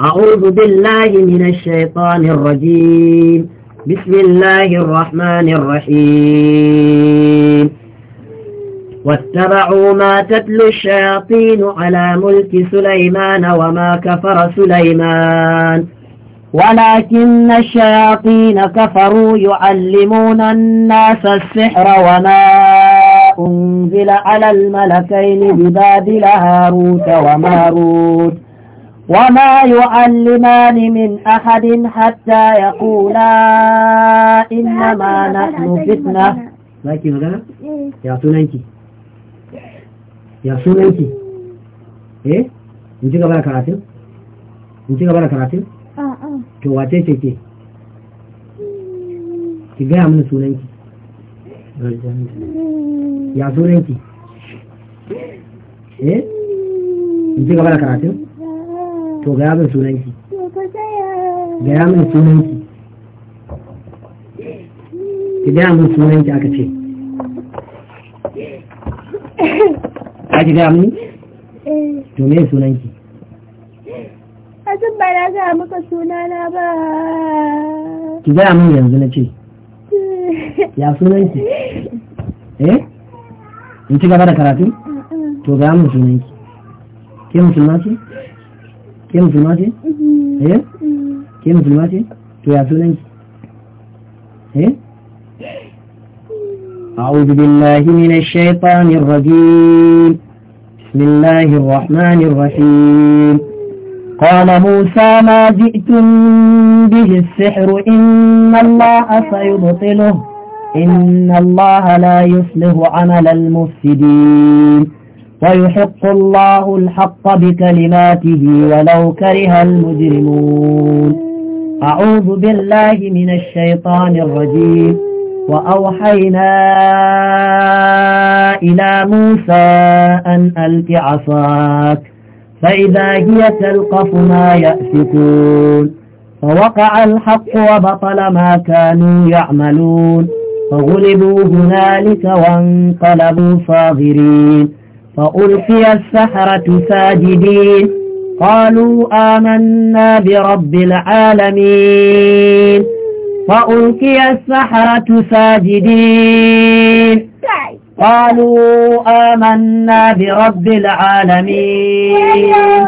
أعوذ بالله من الشيطان الرجيم بسم الله الرحمن الرحيم واتبعوا ما تتلو الشياطين على ملك سليمان وما كفر سليمان ولكن الشياطين كفروا يعلمون الناس السحر وما أنزل على الملكين ببابل هاروت وماروت وما يعلمان من أحد حتى يقولا إنما نحن فتنة لكن مغانا يا سننكي يا سننكي eh in ci gaba da karatun in ci gaba da karatun uh-uh. to wace ce ke ki gaya mini sunanki ya sunanki eh in ci gaba da karatun to gaya min sunanki gaya min sunanki ki gaya min sunanki aka ce ka ki gaya mini to me sunanki eh, Asin ba na gaya maka sunana ba. Ki gaya min yanzu na ce. Eh. Ya sunanki? Eh? In ci gaba da karatu? To gaya min sunanki. Ke musulma ce? كم musulma ce? كم ke musulma ce? أعوذ بالله من الشيطان الرجيم بسم الله الرحمن الرحيم قال موسى ما جئتم به السحر إن الله سيبطله إن الله لا يصلح عمل المفسدين ويحق الله الحق بكلماته ولو كره المجرمون أعوذ بالله من الشيطان الرجيم وأوحينا إلى موسى أن ألت عصاك فإذا هي تلقف ما يأفكون فوقع الحق وبطل ما كانوا يعملون فغلبوا هنالك وانقلبوا صاغرين فألقي السحرة ساجدين قالوا آمنا برب العالمين فألقي السحرة ساجدين قالوا آمنا برب العالمين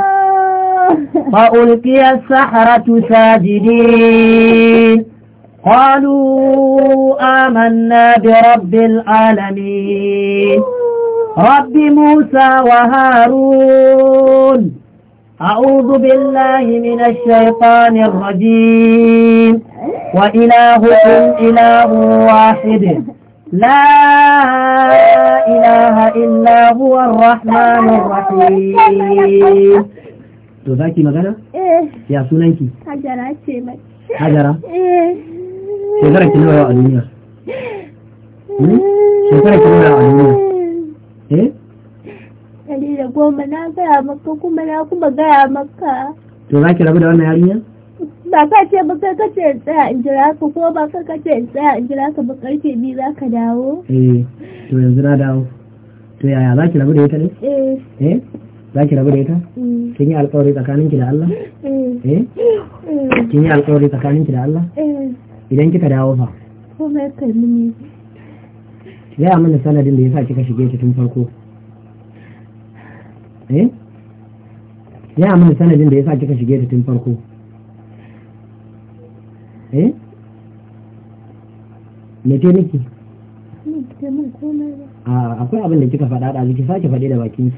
فألقي السحرة ساجدين قالوا آمنا برب العالمين رب موسى وهارون أعوذ بالله من الشيطان الرجيم وإلهكم إله واحد لا إله إلا هو الرحمن الرحيم تذكي مغنى؟ إيه يا سنينكي حجرة شمك حجرة؟ إيه شكرك لنا يا أمينة شكرك لنا يا أمينة eh ɗari da goma na gaya maka kuma na kuma gaya maka to za ki rabu da wannan yarinya ba ka ce ba kai kace in tsaya in jira ka ko ba kai kace in tsaya in jira ka ba karfe biyu za ka dawo eh to yanzu na dawo to yaya za ki rabu da ita ne eh eh za ki rabu da ita mm. kin yi alƙawari tsakaninki da Allah mm. eh mm. kin yi alƙawari tsakaninki da Allah eh idan kika dawo fa ko mai kalmi gaya mana sanadin da ya sa kika shige ta tun farko eh gaya mana sanadin da ya sa kika shige ta tun farko eh me ke miki akwai abin da kika faɗa da ki sake faɗi da bakin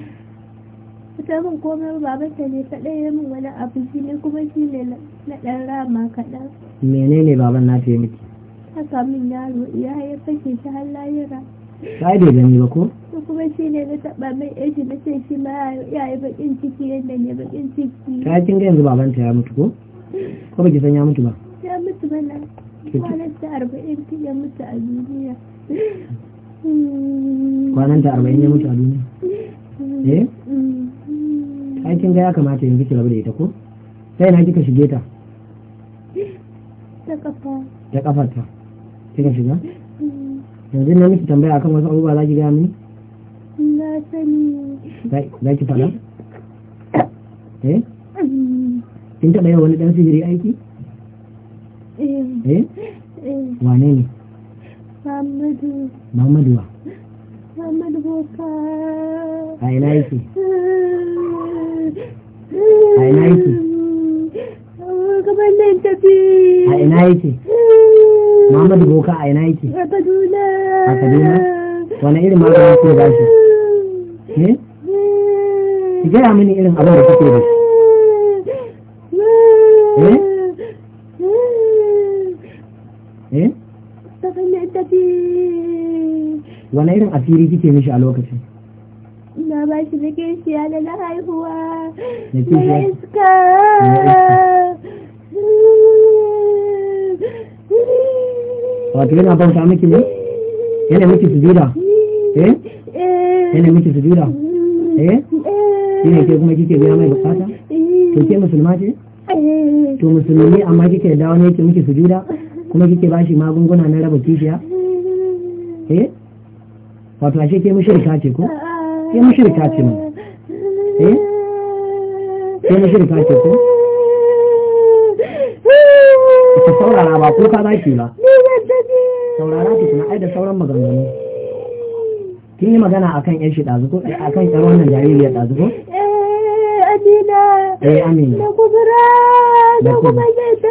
ki mun komai ba babanta ne kaɗai ya mun wani abu shi ne kuma shi ne na ɗan rama kaɗan menene baban na ta yi miki haka min yaro ya ya fashe shi har lahira ba da gani ba ko to kuma shi ne na taba mai yaji na ce shi ma ya yi bakin ciki yadda ne bakin ciki ta kin ga yanzu babanta ya mutu ko ko baki san ya mutu ba ya mutu ba na kwanan ta arba'in ya mutu a duniya kwanan ta arba'in ya mutu a duniya eh ai kin ga ya kamata yanzu ki rabu da ita ko sai na kika shige ta ta kafa ta kafa ta kika shiga yanzu na miki tambaya akan wasu abubuwa za ki gaya mini na sani za ki fada eh mm. kin taɓa yau wani ɗan sihiri aiki eh. Eh? eh wane ne Muhammadu Muhammadu wa Muhammadu Boka a ina yake eh. a ina yake gaban nan tafi a ina yake hmm. Muhammadu Boka a ina yake a Kaduna a Kaduna wani irin magani ko ba shi hmm. eh ki gaya mini irin abin da kake da shi hmm. eh eh wani irin asiri kike mishi a lokacin na ba shi na kishiya na haihuwa na iska wato yana bauta miki ne yana miki sujuda eh yana miki sujuda eh yana ke kuma kike biya mai bukata to ke musulma ce to musulmi amma kike da wani yake miki sujuda kuma kike shi magunguna na raba kishiya eh wato ashe ke mushrika ce ko Sai mashirka ce mu eh ke mashirka ce ko ta saurara ba ko ka ki ba saurara ki kuma ai da sauran maganganu kin yi magana akan yan shi A akan yan wannan jaririyar dazuko eh, eh amina da kubura da kuma yadda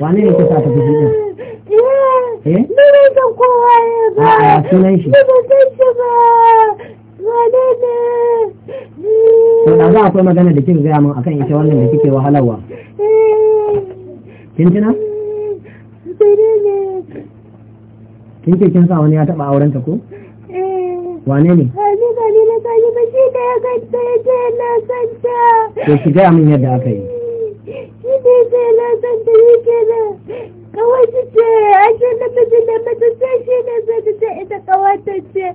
wane ne ka sa ka fushi din eh bai eh? san kowa ya ba a sunan shi bai ba wane ne Sau da za akwai magana da kika gaya min akan ita wannan da kike wahalarwa eh. kin tuna kin ce kin sa wani ya taɓa aurenta, ta ko eh. wane ne Hadi ah, Dalila Sani Bashir da ya ganta ya ce na santa. ta. ki gaya min yadda aka yi. ne zai lazanta yi kenan kawai ce ake na da mata sai shi ne zai ta ce ita kawata ce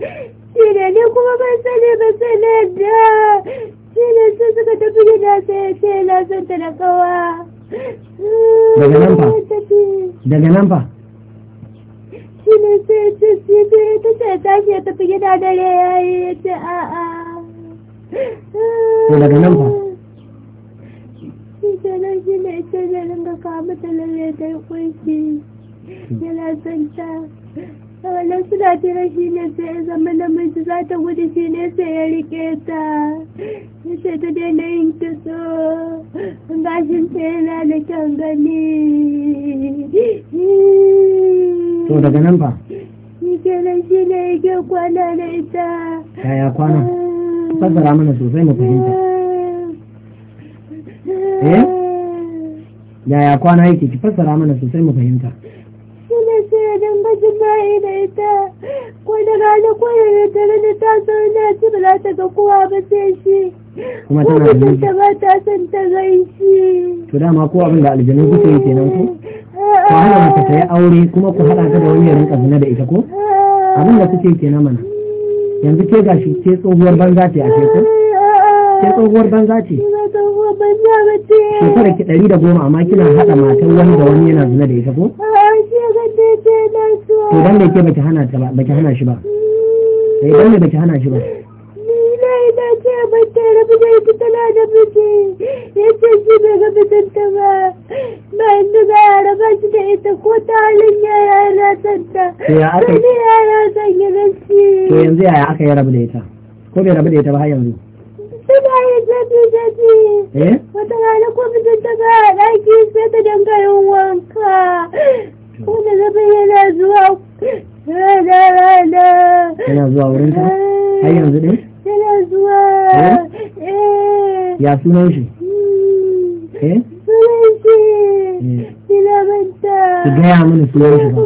shi ne kuma ban sani ba sai na yadda shi ne sun suka tafi gida sai ya ce ta da kawa daga nan fa daga nan fa shi ne sai ya ce shi ne ta ce ta ce tafi gida dare ya yi ya ce a'a daga nan shi nan shi ne ita zai ringa kawo mata lalle ta yi kunshi yana son ta wannan suna tira shi ne sai ya zama namiji za ta gudu shi ne sai ya rike ta ya ce ta daina yin kitso gashin ta yana da kyan gani to daga nan ba. shi nan shi ne yake kwana da ita yaya kwana fassara mana sosai mu fahimta Eh? yaya kwana yake ki fassara mana sosai mu fahimta suna sai don bajin ba'i da ita ko da rana ko da tare da ta zauna ci ba ta ga kowa ba sai shi kuma tana da ta ba ta san ta gai shi to dama ko abin da aljanu kuke ke nan ko ko hana mata ta yi aure kuma ku haɗa ka da wani yarin ƙazuna da ita ko abin da kuke kenan mana yanzu ke gashi ke tsohuwar banza ce a ke ko ke tsohuwar banza ce shekarar ki ɗari da goma amma kina haɗa matan wani da wani yana zina da ita ko? to dan da ke baki hana ta ba baki hana shi ba eh dan da baki hana shi ba ni na ce ban ta rabu da ita tana da miji yace shi bai ga mijinta ba ba inda za a raba shi da ita ko ta halin yaya na santa ya aka yi yaya zan yi rashi to yanzu yaya aka yi rabu da ita ko bai rabu da ita ba har yanzu Suna yi jaji-jaji. Wata rana ko fitar ta ga ɗaki sai ta dinga yin wanka. Wanda zaba yana zuwa rana-rana. Yana zuwa wurin ta? Har yanzu ɗin? Yana zuwa. Eh? Eh. Ya sunan shi? Hmm. Eh? Sunan shi. suna manta. Ki gaya mini sunan shi ba.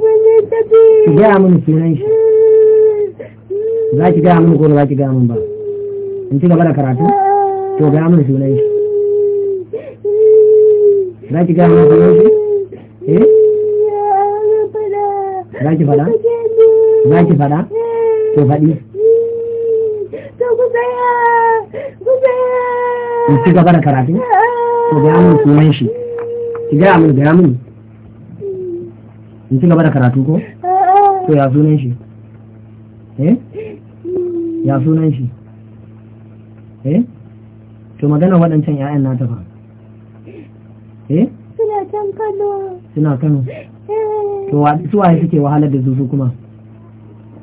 Ki gaya mini sunan shi. Hmm. Za ki gaya mini ko ba za ki gaya mini ba. Hmm. in ci gaba da karatu to ga mun sunan shi za ki ga mun sunan shi eh za ki fada za ki fada to faɗi to ku tsaya ku tsaya in ci gaba da karatu to ga mun sunan shi ki ga mun ga mun in ci gaba da karatu ko to ya sunan shi eh ya sunan shi eh to magana waɗancan 'ya'yan na tafa. eh suna can kano suna kano eh. to su waye suke wahalar da zuzu kuma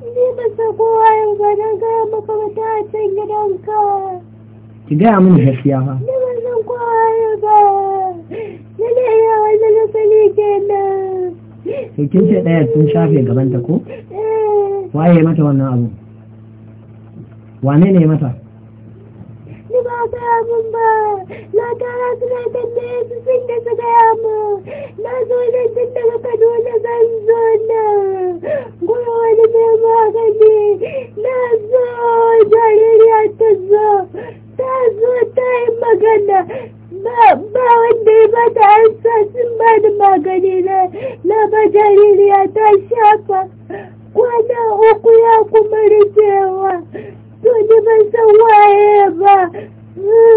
ni ba sa kowa yau ba na gaya maka ba ta can ka ki gaya mini gaskiya fa ni ba san kowa yau ba ni da iya wani asali kenan to kin ce ɗaya sun shafe gabanta ko eh. waye mata wannan abu wane ne mata gaya ba na tara suna tambaye su sun da su gaya mun na zo da tun daga kaduna zan zo na gura wani mai magani na zo jaririya ta zo ta zo ta yi magana ba wanda ya ba ta ansa sun ba da magani na na ba jaririya ta shafa kwana uku ya kuma rikewa to ni ban san waye ba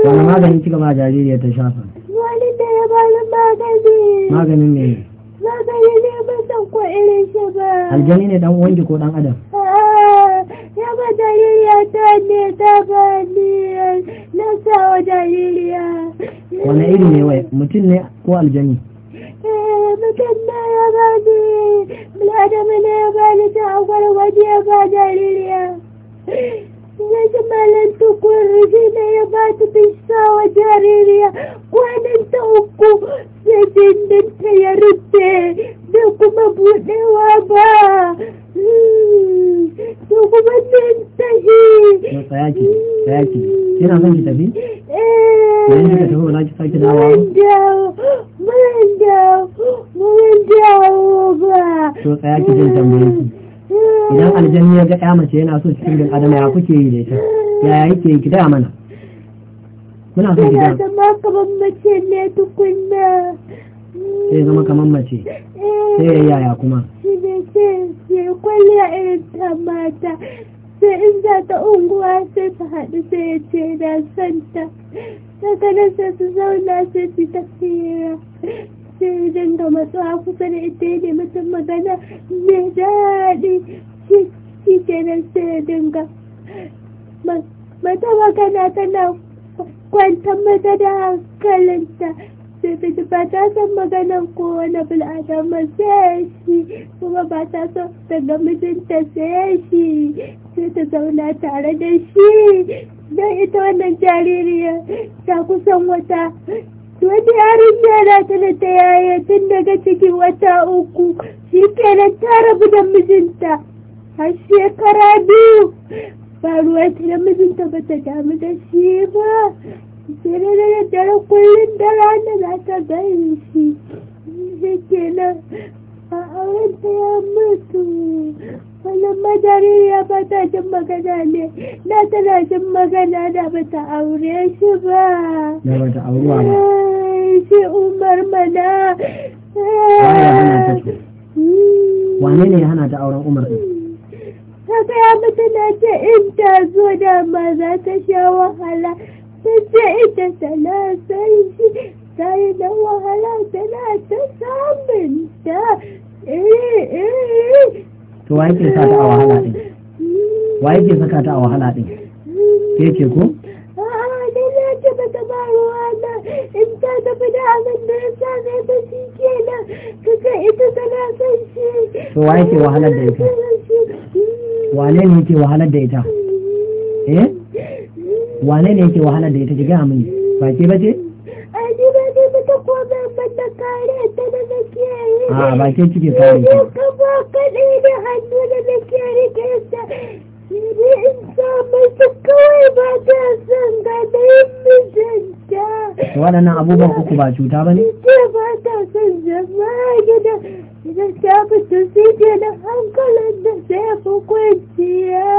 wani maganin kika ba jaririyar ta shafa wani da ya bani magani maganin ne magani ne ba san ko irin shi ba aljani ne dan wanki ko dan adam ya ba jaririya ta ne ta ba na sa wa jaririya wani iri ne wai mutum ne ko aljani eh, mutum ne ya bani ni ne ya ba ni ta akwai waje ba jaririya يجمل أنتك والرجين يبات بالساوة جاريريا وأنا أنت أكو سجن أنت يا ربي دوكو مبوحي وابا دوكو بننتهي فياكي فياكي كنا زنك تبي؟ ايه وين تهو لا تفاكي دعوة من دعوة من دعوة من دعوة to tsaya ki jin tambaye ki idan aljanni ya ga ya mace yana so cikin bin adama ya kuke yi da ita yaya yake yi gida mana muna so kida zama kamar mace ne tukunna sai zama kamar mace sai ya yaya kuma shi ne sai kwalliya irin ta mata sai in za ta unguwa sai ta haɗu sai ya ce na santa daga nan sai su zauna sai su tafiya sai idan da masu kusa da ita ya nemi sun magana mai daɗi shi kenan sai ya dinga mata magana tana kwantar mata da hankalinta sai ta ba ta san maganar wani bil'adama sai shi kuma ba ta san daga mijinta sai shi sai ta zauna tare da shi don ita wannan jaririyar ta kusan wata wata yarinya na da ta yaya tun daga cikin wata uku shi kenan ta rabu da mijinta har shekara biyu faruwa ta da mijinta ba ta damu da shi ba kenan da dare kullum da rana za ta gani shi shi kenan أنت يا mutu wannan madaririya ba ta jin magana ne na tana jin magana da ba ta aure shi ba da shi umar mana wane ne hana ta auren umar ɗin haka ya mutu na ce in ta zo da ma za ta sha wahala ta ce ita tana san shi sai da wahala tana ta samun ta eh, eh, eh. to wa yake sa ta a wahala din wa yake saka ta a wahala din ke ce ko ah, da ya ke ita to wa yake wahalar da ita wane ne yake wahalar da ita eh wane ne yake wahalar da ita ki ga mini ba ke ba ce a ah, bakin cikin tsarin ka ba kadai da hannu da nake rike sa ni in samu su kawai ba ta son ga da mijinta waɗannan abubuwan uku ba cuta ba ne ce ba ta son zama gida idan ta fito sai ke da hankalin da sai fi kwanciya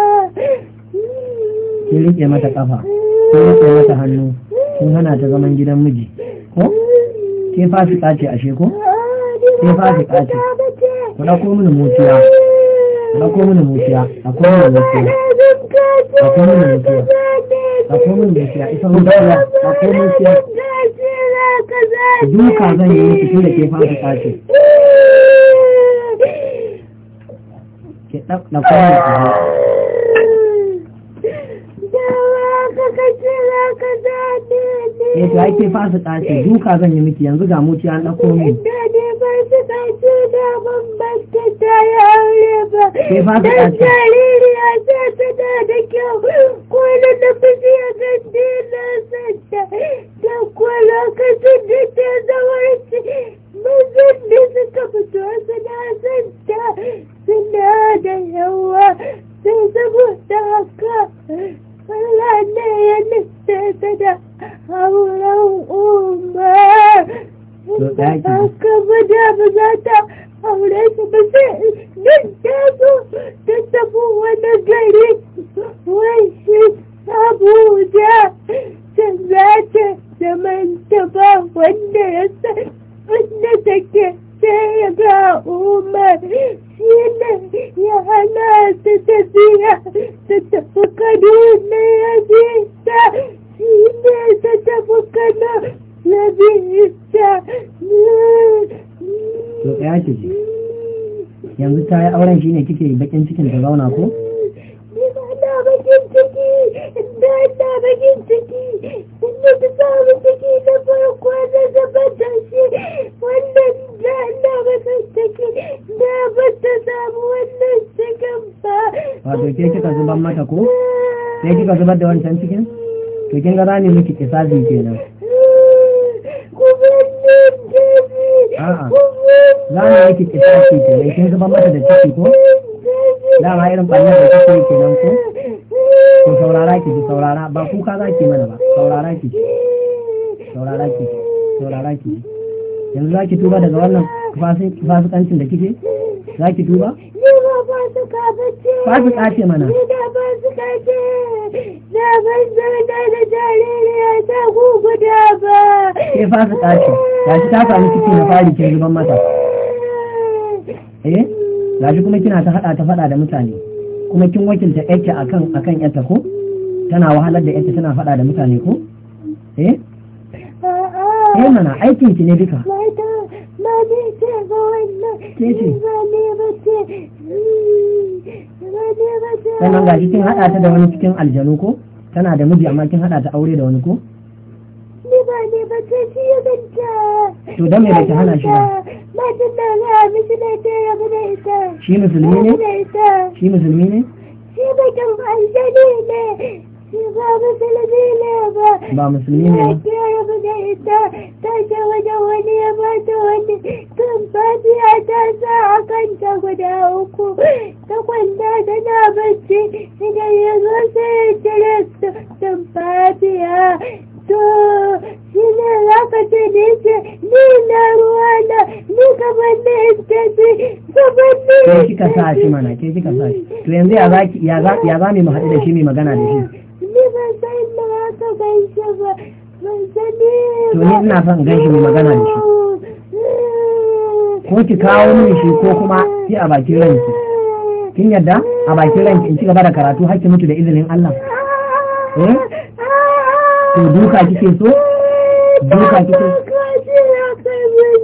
kin rike mata kafa kin rike mata hannu kin hana ta zaman gidan miji ko ke fasika ce ashe ko ah, sai fashi kashi ku na komin mutuwa na komin mutuwa na komin mutuwa na komin mutuwa na komin mutuwa isa mutuwa na komin mutuwa duka zan yi mutu tun da ke fashi kashi na komin mutuwa ya eh, ta ake fasa tashi duka zan yi miki yanzu ga mutiya ya ɗauko min فاسقتنا ممكة يا علماء تنزلين أساسنا لك قول نفسي أفندين لا سنة تقول كسنة زورت من سنة سكبت وسنة سنة سنة هذا هو سنة محتاقة فلا نيا نستاذنا أو لو أمه So thank you. zubar da wancan cikin to kin ga zane miki kisasi kenan a'a zane miki ke nan kin zubar mata da ciki ko dama irin ɓanyar da ke nan ko ko saurara ki saurara ba kuka za ki mana ba saurara ki saurara ki saurara ki yanzu za ki tuba daga wannan fasikancin da kike za ki tuba fasika ce mana zazzaga da jaririya ta guguda ba. Ke fasa tashi, tashi ta sami ciki na fari kin zuban mata. Eh, gashi kuma kina ta haɗa ta faɗa da mutane, kuma kin wakilta yake akan akan yata ko? Tana wahalar da yata tana faɗa da mutane ko? Eh? Eh mana aikin ki ne duka. Ma ne ce ga wannan. Ke ce. Hmm. Ba ne ba ce. Sannan gashi kin haɗa ta da wani cikin aljanu ko? tana da miji amma kin hada ta aure da wani ko ni ba ne ba ce shi ya ganta to dan me ba ta hana shi ba matan da na miji ne ta ya bude ita shi musulmi ne shi musulmi ne shi bakin aljani ne ba musulmi ne ba ba musulmi ne ba ita ta ce wajen wani ya ta wani ta sa kanta guda uku ta kwanda tana bacci idan ya sai ya cire to shi ne za ka ni na ruwa na ni iska ka sa shi mana ya za mu haɗu da shi mai magana da shi ni ban san inda za ka gaishe ba ban sani ba to ni ina son gaishe mai magana da shi ko ki kawo min shi ko kuma ki a bakin ranki kin yadda a bakin ranki in ci gaba da karatu har mutu da izinin Allah eh to duka kike so duka kike so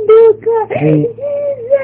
duka eh.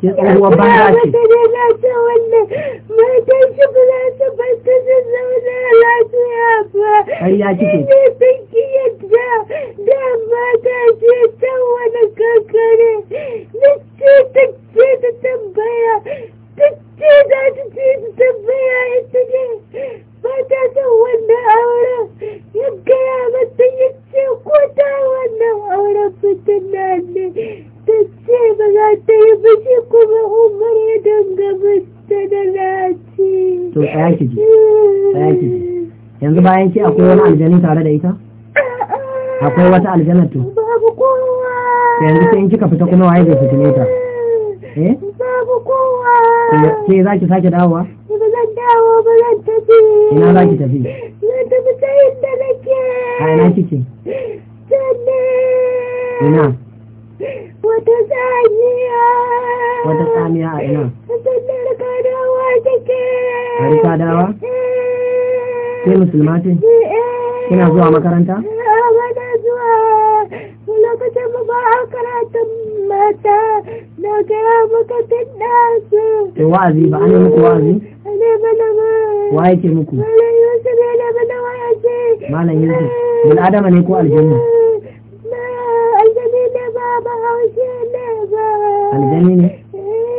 ke tsohuwar banza ce wannan bata zauna lafiya ba ai ya kike da mata ce ta wani kankare na ce ta ce ta ga bayan ki akwai wani aljanin tare da ita akwai wata aljanatu babu kowa yanzu sai in kika fita kuma waye zai fitine ta eh babu kowa ke za ki sake dawowa ba zan dawo ba zan tafi ina za ki tafi zan tafi ta inda nake a ina kike sanne ina wata saniya wata a ina ina rika dawa Ke musulma ce? Kina zuwa makaranta? Bana zuwa lokacin mu ba a karatun mata da kira bukatun nasu. To wa'azi ba an yi muku wa'azi? Ana mana ma. Wa yake muku? Malam Yusuf yana mana wa'azi. Malam Yusuf, bil adama ne ko aljanna? Aljani ne ba bahaushe ne ba. Aljani ne?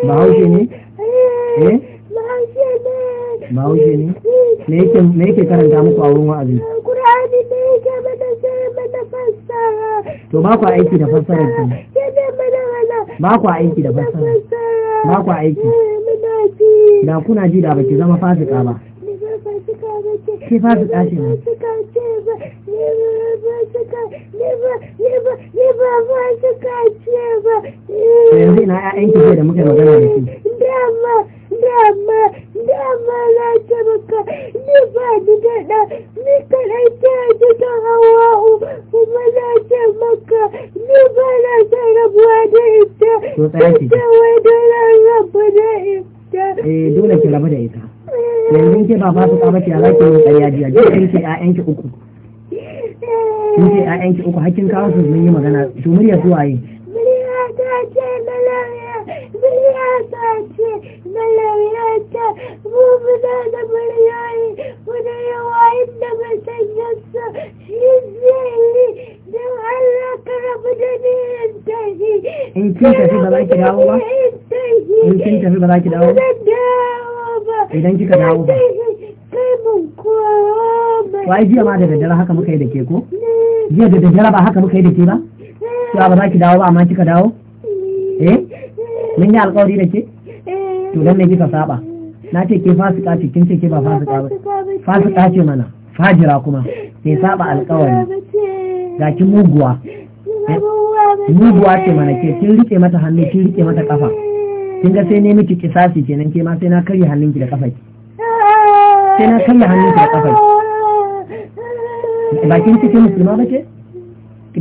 Bahaushe ne? Eh? Bahaushe ne. Bahaushe ne? me yake karanta muku a wurin wa'azi Qur'ani da yake mana sai mana fassara to ba ku aiki da fassara ki ba ku aiki da fassara ba ku aiki eh, da kuna ji da baki zama fasika ba ke fasika ce ne yanzu ina 'ya'yanki ke da muka magana da shi dama dama na ce maka ni ba ni daɗa ni kaɗai ji ta hawa'u kuma na ce maka ni ba na ce rabuwa da ita ita wai da na rabu da ita. Eh dole ki rabu da ita. Yanzu ke ba fasuka ba ce a za ki yi ƙarya jiya jiya ke 'ya'yanki uku. Kin ce 'ya'yanki uku hakkin kawo su mun yi magana to muryar su waye. Murya ta ce malaya, murya ta ce மலவியாச்ச மூமினான மலையாய் உடைய வாய்ந்த சஞ்சஸ்த إن كنت في دعوة إن كنت في دعوة إذا كنت دعوة wai jiya ma da daddare haka muka yi da ke ko jiya da daddare ba haka muka yi da ke ba cewa ba za ki dawo ba amma kika dawo eh mun yi alƙawari da ke to dan ne kika saba na ce ke fasika ce kin ce ke ba fasika ba fasika ce mana fajira kuma ke saba alkawari ga ki muguwa muguwa ce mana ke kin rike mata hannu kin rike mata kafa kin ga sai ne miki kisasi kenan ke ma sai na karya hannunki da kafa sai na karya hannunki da kafa bakin kike musulma ba kin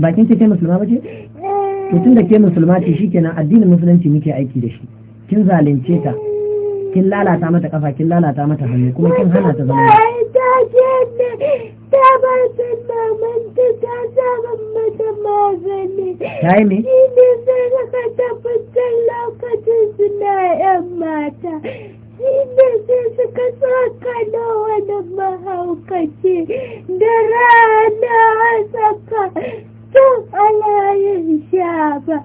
bakin kike musulma ba to tun da ke musulma ce shikenan addinin musulunci muke aiki da shi kin zalunce ta kin lalata mata kafa kin lalata mata hannu kuma kin hana ta zama ta ce ta ba ta maman ta ta zama mata magani ta yi ne shi ne sai suka tabbatar lokacin suna yan mata shi ne sai suka saka na wani mahaukaci da rana saka tun alayin sha ba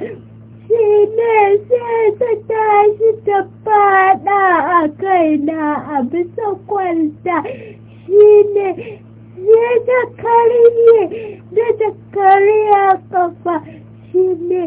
shi ne sai ta tashi ta fada a kaina a bisa kwalta shi ne sai ta karye da ta karya kafa shi ne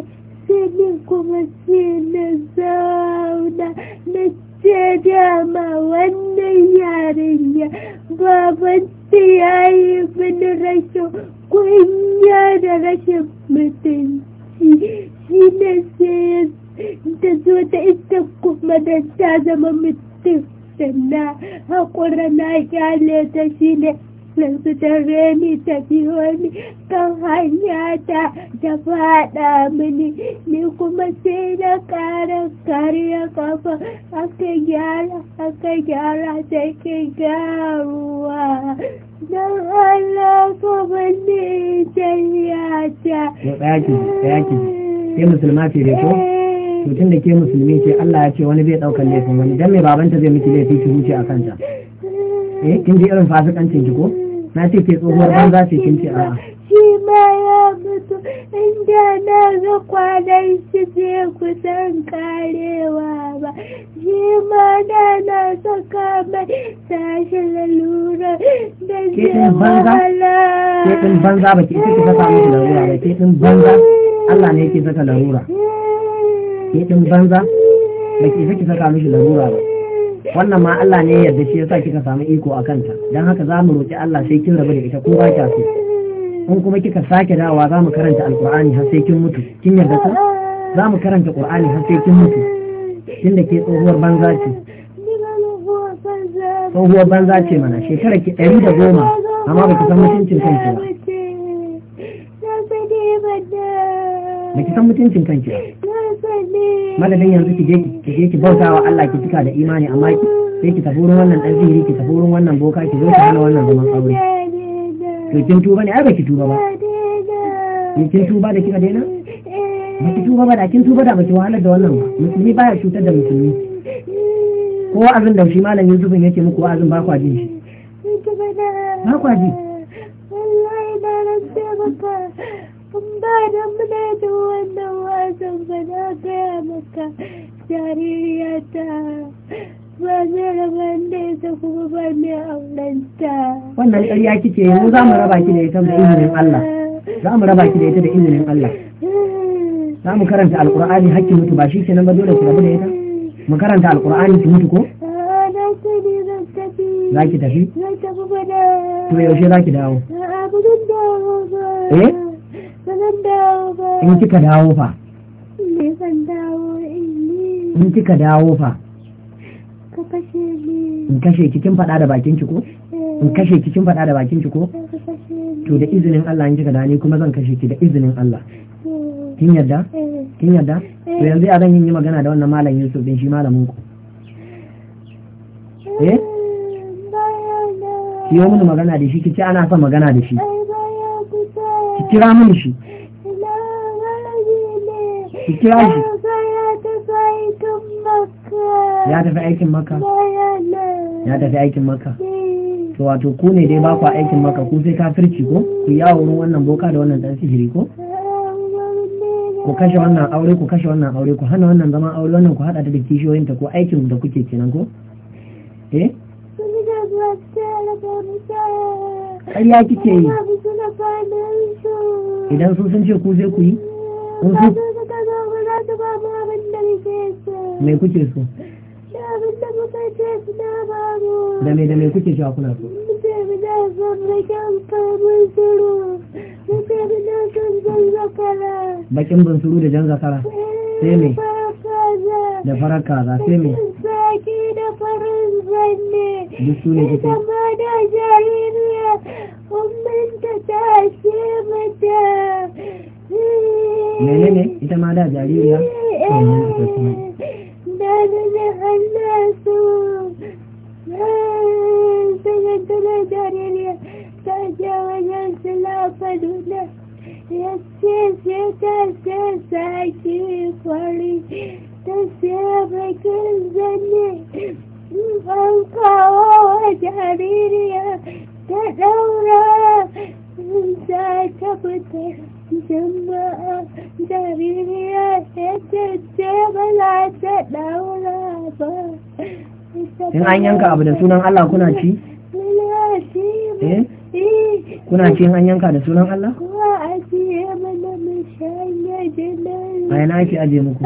sai kuma shi na zauna na ce dama wannan yarinya ta ya yi mini rashin kunya da rashin mutunci shi ne sai ta zo ta ita kuma da ta zama mutum sannan haƙura na kyale ta shi ne yanzu ta reni ta biyo ni kan hanya ta ta faɗa mini ni kuma sai na ƙara kariya kafa aka gyara aka gyara ta ke gyaruwa don Allah kuma ne ta yi Yau ke musulma ce dai ko to tun da ke musulmi ce Allah ya ce wani zai ɗauka laifin wani dan mai babanta zai miki laifi ki huce a kanta eh kin ji irin fasikancin ki ko na ce ke tsohuwar banza ce kin ce a'a shi ma ya mutu inda na ga kwanan shi je kusan karewa ba shi ma na na saka mai sashi lalura da je wahala ke banza ba ke ki saka mai lalura ba ke din banza Allah ne yake saka lalura ke din banza ba ke ki saka mishi lalura ba wannan ma Allah ne ya yarda shi yasa kika samu iko a kanta don haka za mu roƙi Allah sai kin rabu da ita ko ba kya so in kuma kika sake dawowa za mu karanta alkur'ani har sai kin mutu kin yarda ta za mu karanta qur'ani har sai kin mutu tunda ke tsohuwar banza ce tsohuwar banza ce mana shekara ki ɗari da goma amma baki san mutuncin kanki ba baki san mutuncin kanki ba madadin yanzu ki je ki je ki bauta wa Allah ki cika da imani amma sai ki tafi wurin wannan dan zihiri ki tafi wurin wannan boka ki zo ki hana wannan zaman aure to kin tuba ne ai baki tuba ba ne eh, kin tuba da kika daina baki tuba ba da kin tuba da baki wahalar da wannan ba musulmi baya cutar da musulmi ko azin da shi malam Yusufin yake muku azin ba kwa jin shi ba kwa ji wallahi muna da wannan wasan ba na gaya maka jaririya Wannan ƙarya kike yanzu za mu raba ki da ita da izinin Allah. Za mu raba ki da ita da izinin Allah. Za mu karanta Alƙur'ani hakki mutu ba shi kenan ba dole ki rabu da ita. Mu karanta Alƙur'ani ki mutu ko? Za ki tafi? To yaushe za ki dawo? Eh? In kika dawo fa? In kika dawo fa? in kashe ki kin faɗa da bakin ki ko eh. in kashe ki kin faɗa da bakin ki ko to da izinin Allah in kika dani kuma zan kashe ki da izinin Allah eh. kin yarda eh. kin yarda to yanzu a zan yi magana da wannan malam Yusuf din shi malamin ku eh ki yi mini magana da shi kici ana son magana da shi ki kira mini shi ki kira shi ya tafi aikin maka ya tafi aikin maka to wato ku ne dai ba ku aikin maka ku sai kafirci ko ku yi wurin wannan boka da wannan dan sihiri ko ku kashe wannan aure ku kashe wannan aure ku hana wannan zaman aure wannan ku hada ta da kishiyoyin ta ko aikin da kuke kenan ko eh ƙarya kike yi idan su sun ce ku sai ku yi me kuke so da me da me kuke cewa kuna so bakin bunsuru da jan zakara sai mai eh, da farar kaza sai mai. zaki da farin zanne duk su ne kuke da jaririya ummin ta tashe mata menene ita ma da jaririya Thank you. jama'a jaririya yadda ce ba za ta daura ba in an yanka abu da sunan Allah kuna ci? Eh? kuna ci an yanka da sunan Allah? kuwa a ciye mana mashayar jinari a yana ake aje muku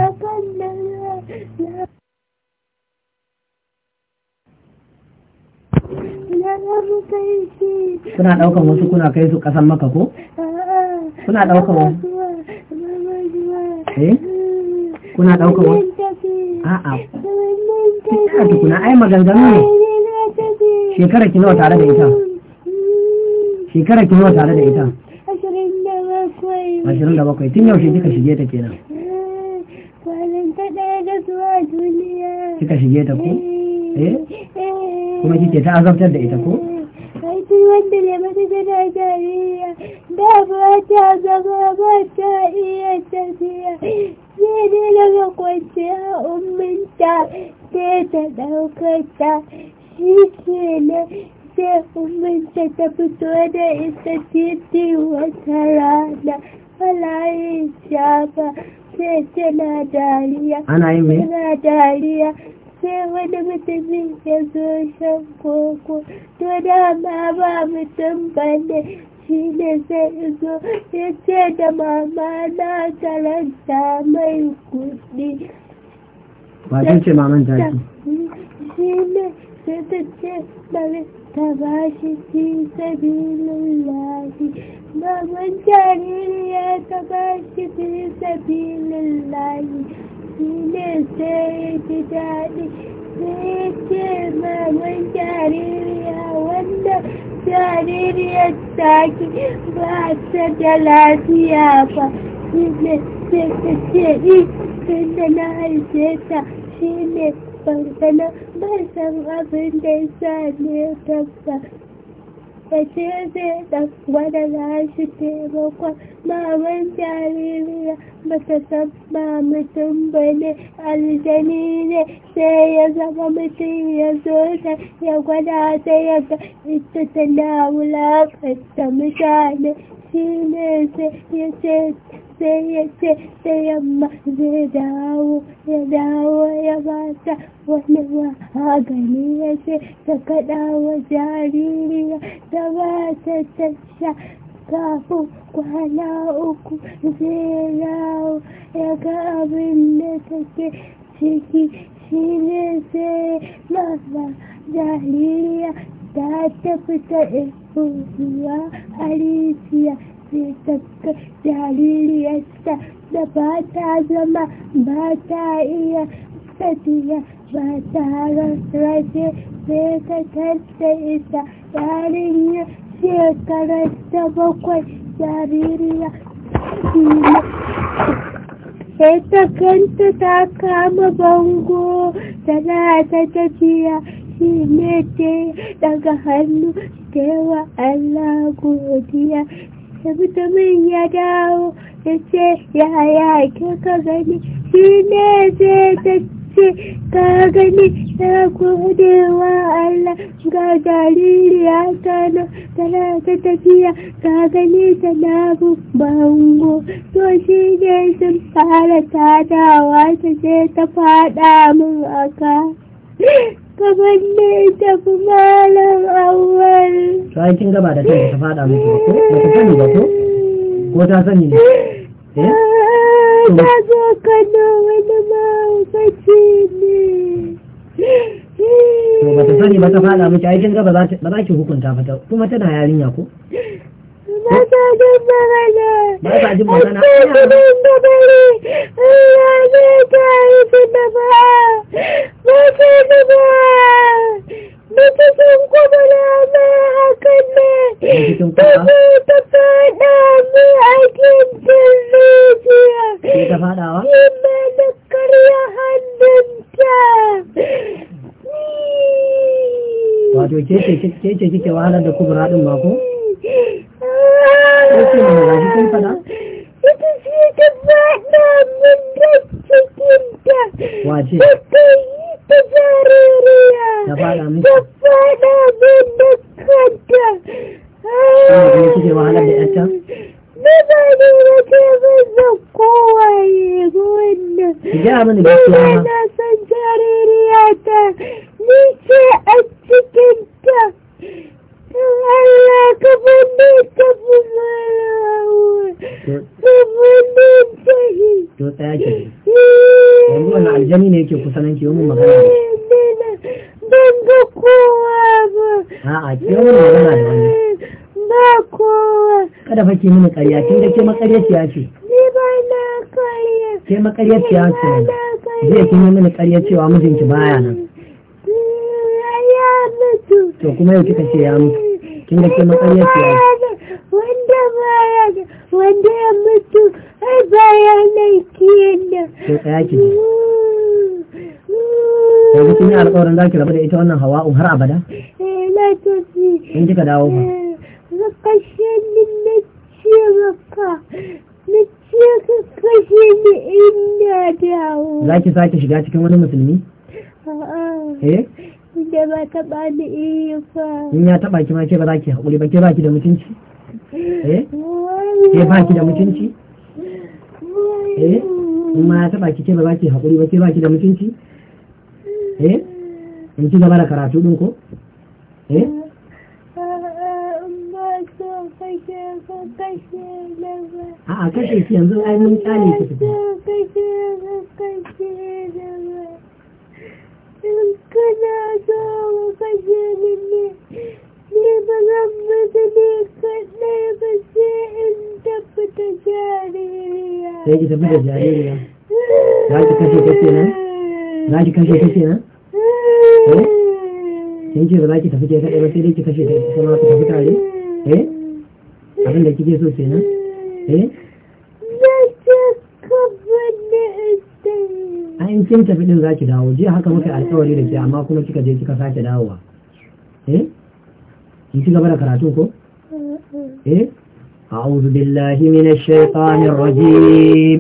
kuna ɗaukar wasu kuna kai su ƙasan maka ko? a'a kuna ɗaukarwa eh kuna ɗaukarwa a'a kika tukuna ai maganganu ne shekara ki nawa tare da ita shekara ki nawa tare da ita ashirin da bakwai tun yaushe kika shige ta kenan kika shige ta ko eh kuma kike ta azabtar da ita ko ita wanda ne mata tana tariya da ba ta zama ba ta iya tafiya sai ne daga kwanciya umminta sai ta ɗaukata shi ke sai umminta ta fito da ita titi wata rana falayin shafa sai tana dariya tana dariya sai wani mutumin ya zo shan koko to da ma ba mutum bane shi ne zai zo ya ce da mama na taranta mai kuɗi ba zan ce maman ki shi ne sai ta ce bari ta ba shi fi sabilin lafi maman jariri ya ta ba shi ci sabilin lafi ne sai ji daɗi sai ce maman jaririya wanda jaririyar taki ba ta da lafiya ba shi sai ta ce ni tun na haife ta shi ne ban san abin da ya sa ne ta wace zai ɗauwa da lashi taimakon maman jaririya bata san ba mutum ba ne aljani ne sai ya zama mutum ya zo ta ya gwada ta yaga ita tana wulaƙanta mutane shi ne sai ya ce sai ya ce da yamma zai dawo ya dawo ya bata wani magani ya ce ta kaɗa wa jaririya da ba ta tasha kafin kwana uku zai dawo ya ga abin da take ciki shi ne sai mama jaririya ta tafi ta ihu a rijiya ce ta jaririyarta da ba ta zama ba ta iya tafiya ba ta rarrafe sai ta tatta ita yarinya shekarar ta bakwai jaririya sai ta kanta ta kama bango tana ta tafiya shi ne daga hannu da yawa Allah godiya ya fita min ya dawo ya ce ke ka gani shi ne zai ta ce ka gani na gode wa Allah ga jariri ta na tana ta tafiya ka gani ta na bango to shi ne sun fara tadawa ta ce ta fada min aka kamar ne fi malam awal to ai kin gaba da kanta ta fada ba, ko ba ta sani ba ko ko ta sani ne eh? ta zo kano wani mahaukaci ne to ba ta sani ba ta fada miki ai kin gaba ba za ki hukunta ba kuma tana yarinya ko ما بعد ما أنا Wato ke ce kike wahalar da kubra din ba ko? wace ta zarariya ta fada min kanta ne kike wahalar da yarta ne ba ne na ce zan zan kowaye wannan ki ga abin da gaskiya ma na san jaririya ta ni ce a cikin ta Allah ka ka ta eh, eh, yanzu wani ne yake ke yi magana eh, ban ga kowa ba a'a ke yi magana da wani ba kowa kada fa ke mini ƙarya kin da ke makaryaciya ce ni ba na ƙarya ke makaryaciya ce kin yi mini ƙarya cewa mijinki baya nan to kuma yau kika ce ya mutu kin ga ke matsayar ce wanda baya wanda ya mutu ai baya laifi yadda to tsaya ki mm, mm. yanzu kin yi alƙawarin za ki rabu da ita wannan hawa'un har abada eh na to in kika dawo fa zakashe eh, ni na ce maka na ce ka kashe ni in na dawo za ki sake shiga cikin wani musulmi eh Ke ba taɓa da fa. In ya taɓa ki ma ke ba za ki haƙuri ba ke ba ki da mutunci? Eh? Ke ba ki da mutunci? Eh? In ma ya taɓa ki ke ba za ki haƙuri ba ke ba ki da mutunci? Eh? In ci gaba da karatu ɗin ko? Eh? A'a kashe ki yanzu ai mun kyale ki fita. kana azâlu fecâlini limanan bedeni kalleyi mesîhin tabbıta cariyya Peki tabbıta cariyya Raji kashe kashe nan Raji kashe kashe nan Eh Kin ce ba za ki tafi ke kaɗai ba sai dai ki kashe ta ita ma ku tafi tare eh abin da kike so kenan eh Ya ce a in kin tafi din zaki dawo je haka muka alƙawari da ke amma kuma kika je kika sake dawowa eh ki ci gaba da karatu ko eh أعوذ بالله من الشيطان الرجيم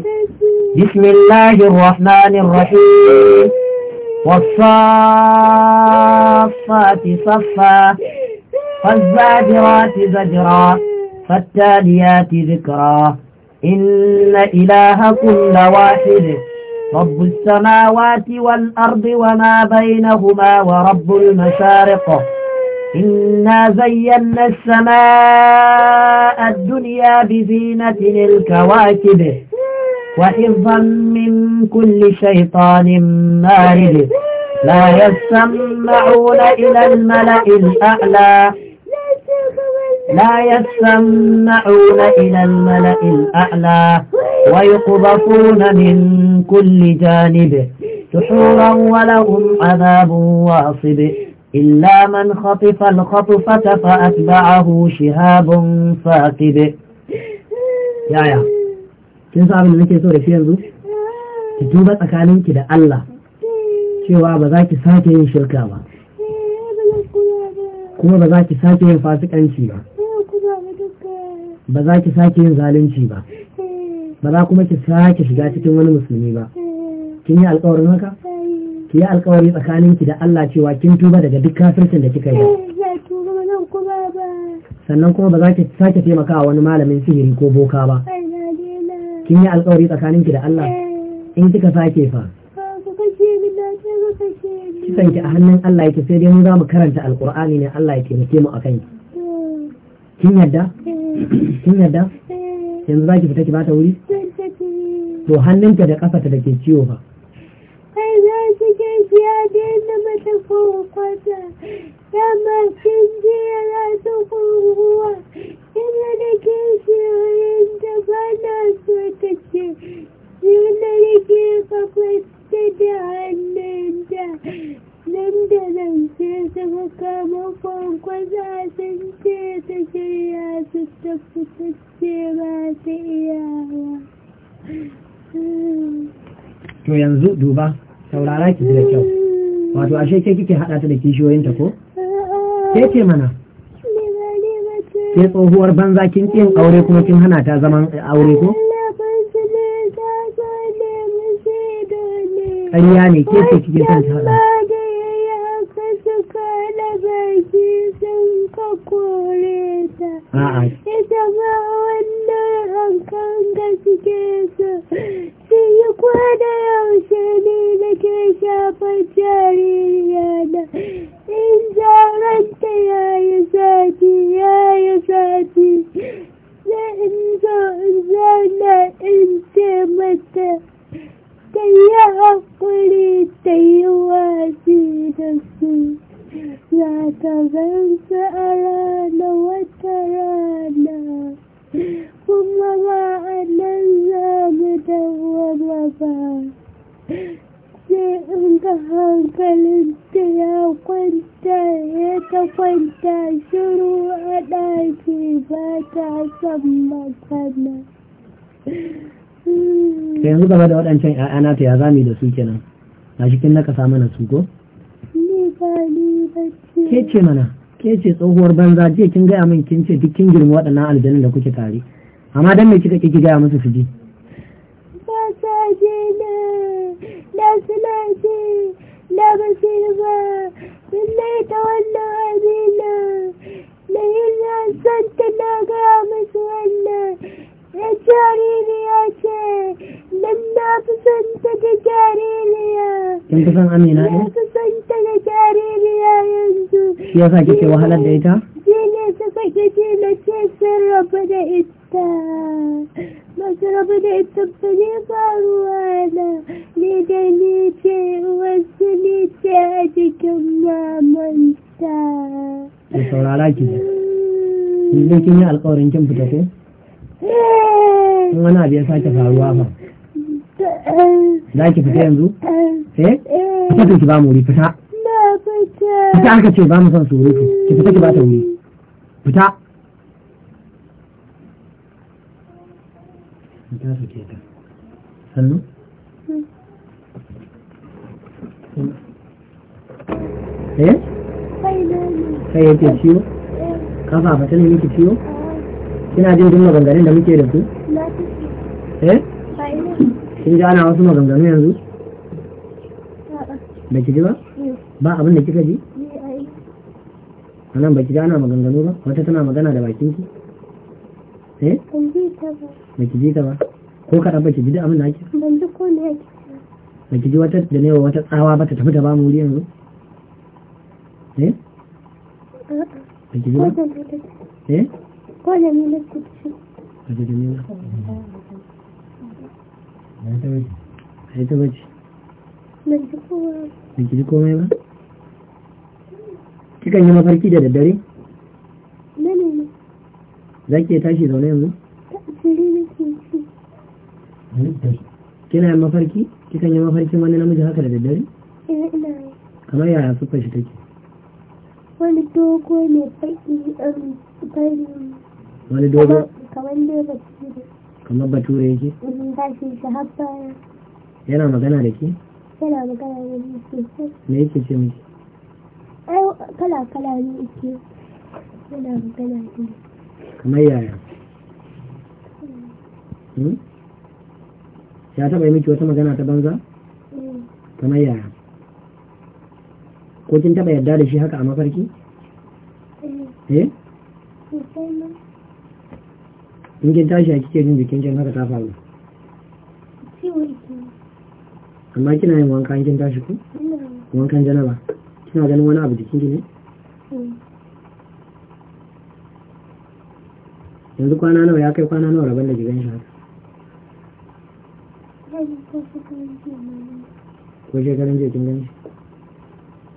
بسم الله الرحمن الرحيم والصافات صفا فالزاجرات زجرا فالتاليات ذكرا إن إلهكم لواحد رب السماوات والأرض وما بينهما ورب المشارق إنا زينا السماء الدنيا بزينة الكواكب وحفظا من كل شيطان مارد لا يسمعون إلى الملأ الأعلى لا يسمعون إلى الملأ الأعلى ويقضفون من كل جانب تحورا ولهم عذاب واصب إلا من خطف الخطفة فأتبعه شهاب ثاقب يا يا كيف صعب أنك تقول في ينزو تجوبة أكالين كده الله شو عبا ذاك ساكين شركاوة كما بذاك ساكين فاسك أنشيوة ba za ki sake yin zalunci ba ba za kuma ki sake shiga cikin wani musulmi ba kin yi alkawarin haka ki yi alkawari tsakanin ki da Allah cewa kin tuba daga duk kafircin da kika yi sannan kuma ba za ki sake taimaka wa wani malamin sihiri ko boka ba kin yi alkawari tsakanin ki da Allah in kika sake fa kisan ki a hannun Allah yake sai dai mu za mu karanta alkur'ani ne Allah ya taimake mu akan ki kin yarda? kin yadda yanzu za ki fita ki bata wuri to hannunka da kafa ta da ke ciwo fa kai za su ke siya daina mata kwata dama kin ji yana ta kurkuwa ina da ke siyoyin da ba na so ta ce ni na rike kafa ta da to yanzu duba saurara ki da kyau wato ashe ke kike haɗa ta da kishiyoyin ta ko ke ce mana ke tsohuwar banza kin kin aure kuma kin hana ta zaman eh, aure ko ƙarya ne ke ce kike son ta hada ta ya zame da su kenan na shi kin naka mana su ko ke ce mana ke ce tsohuwar banza je kin gaya min kin ce duk kin girma waɗannan aljanun da kuke tare amma dan me kika ki gaya musu su ji kin san amina ne kusan ta da jaririya yanzu shi yasa kike wahalar da ita shi ne ta sake ce na ce sun rabu da ita ba su rabu da ita ba ne ba ruwa na ni da ni ce wasu ni ce a jikin mamanta Ya saurara ki mm. ne kin yi alkawarin kin fita ko eh. wani abu ya sake faruwa ba eh. za ki fita yanzu eh. eh fita ki ba mu wuri fita fita aka ce ba mu son surutu ki fita ki ba ta wuri fita ta suke ta sannu hmm. eh kai yake ciwo eh. kafa ba ta ne miki ciwo kina jin duk maganganun da muke da su eh kin ji ana wasu maganganu yanzu ba ki ji ba ba abin da kika ji anan ba ki ji ana maganganu ba wata tana magana da bakin ki eh ba ki ji ta ba ko ka ba ki ji da abin da ake ban ji ko ne ba ki ji wata da ne wata tsawa ba ta tafi da ba mu wuri yanzu eh ba ki ji ba eh ko da ni na ku ci ba ki ji ni na ai ta bace ban ji ko ban ji komai ba kikan yi mafarki da daddare za ki tashi zaune yanzu kina yin mafarki kikan yi mafarki wani namiji haka da daddare eh, kamar yaya siffar shi take wani dogo mai faɗi fari wani dogo kamar ne bature kamar bature yake yana magana da ke Tana magana Kamar yaya? Hmm. Hmm? Ya taɓa yi miki wata magana ta banza? Hmm. Kamar yaya? Ko kin taɓa yadda da shi haka a mafarki? Eh? In kin tashi a kike jin jikin jin haka ta faru? amma kina yin wanka kin tashi ku wankan janaba kina ganin wani abu jikin ne hmm. yanzu kwana nawa ya kai kwana nawa rabon da gidan shi ko shekarun garin je kin ganshi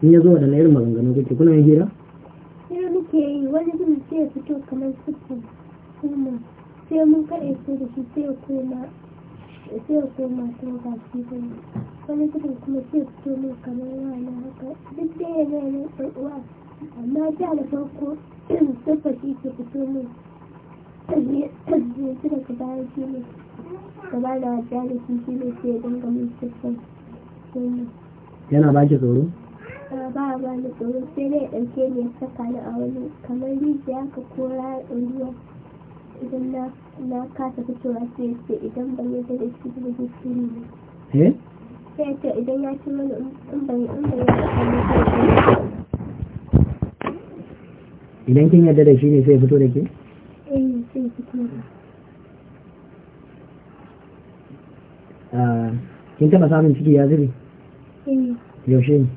in ya zo waɗanne irin maganganu kuke kuna yin hira hira muke yi wani zai sai ya fito kamar sukun kuma sai mun kaɗe su da shi sai ya koma sai ya koma ta gashi wani gudun kuma sai fito min kamar yana haka duk da ya yana yana ɗan'uwa amma da da farko siffa shi ke fito min yanzu daga baya shi ne gaba da wata da shi shi ne sai dinga min siffa yana ba ki tsoro? ba ba ni tsoro sai dai ɗauke ne ya saka ni a wani kamar rijiya ka kora ruwa idan na kasa fitowa sai ce idan ban yadda da shi da shi ne. sai idan ya kin yadda da shi ne sai fito da ke? eh ah, kin taba samun ciki ya zuri eh yaushe ne?